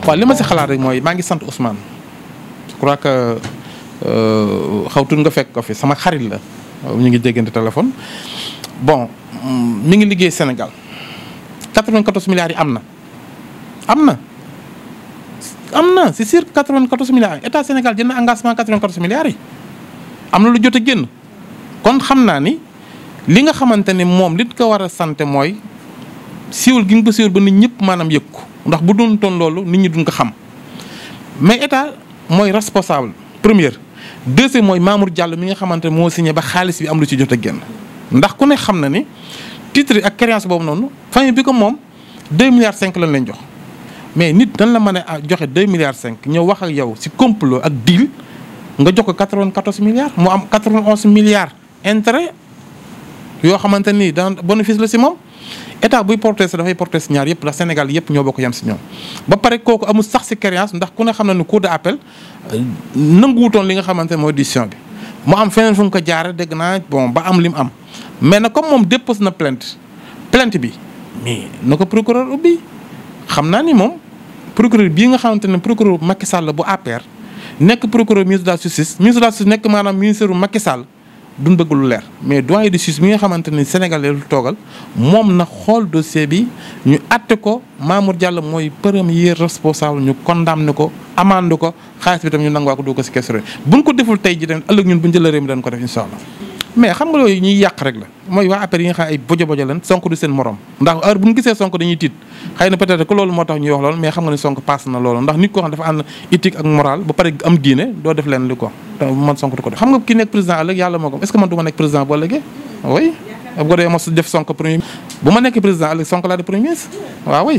wa lima ma xalaat rek moy maa ngi sant Ousmane je crois que euh, xawtun nga fekk ko fi sama xarit la ñu ngi déggante téléphone bon mi ngi liggéey Sénégal 94 milliards amna, amna? amna c'est sûr 94 milliards état Sénégal jël engagement 94 milliards amna lu jotté a kon xamna ni li nga xamanteni mom li ko wara a sant siwul giñ ko siwul ba nit ñepp manam yëg ko ndax bu dun ton lolu nit ñi dun ko xam mais état moy responsable premier deuxième moy Mamour Diallo mi nga xamantene mo signé ba xaliss bi am lu ci jotta genn ndax ku ne xam na ni titre ak créance bobu nonu fay bi ko mom 2 milliards 5 lañ leen jox mais nit dañ la mané joxe 2 milliards 5 ñëw wax ak yow ci complot ak deal nga jox ko 94 milliards mu am 91 milliards intérêt yo xamanteni dans bénéfice la si moom. état buy porté si dafay porté si ñaar yëpp la Sénégal yëpp ñoo bokk yem si ñoom ba pare kooku amul sax si créance ndax ku ne xam na ne cour d'appel euh, nanguwutoon li nga xamante ne mooy décision bi mu am feneen fu mu ko jaare dégg naa bon ba am li mu am mais na comme moom déposé na plainte plainte bi mais na ko procureur ubbi xam naa ni moom procureur bii nga xamante ne procureur Macky Sall bu APR nekk procureur ministre de la justice nekk maanaam ministère bu Macky Sall duñ bëgg lu leer mais doyen de justice mi nga xamante ni Sénégal lu toogal moom na xool dossier bi ñu àtte ko Mamour Diallo mooy premier responsable ñu condamné ko amande ko xaalis bi tam ñu nanguwaa ko dugg ko si kees buñ ko deful tey ji tamit ëllëg ñun bu njëla réew mi dañ ko def incha allah mais xam nga loolu ñuy yàq rek la mooy waa APR yi nga xam ay bojo bojo lan sonk du seen morom ndax heure bu ñu gisee sonk dañuy tiit xëy na peut-être loolu moo tax ñuy wax loolu mais xam nga ne sonk pass na loolu ndax nit ko man sonk du ko def xam nga ki nekk président ëllëg yàlla moo ko est-ce que man du ma nekk président bu ëllëgee oui bu def sonk premier bu ma nekk président ëllëg sonk laa de premier ministre waaw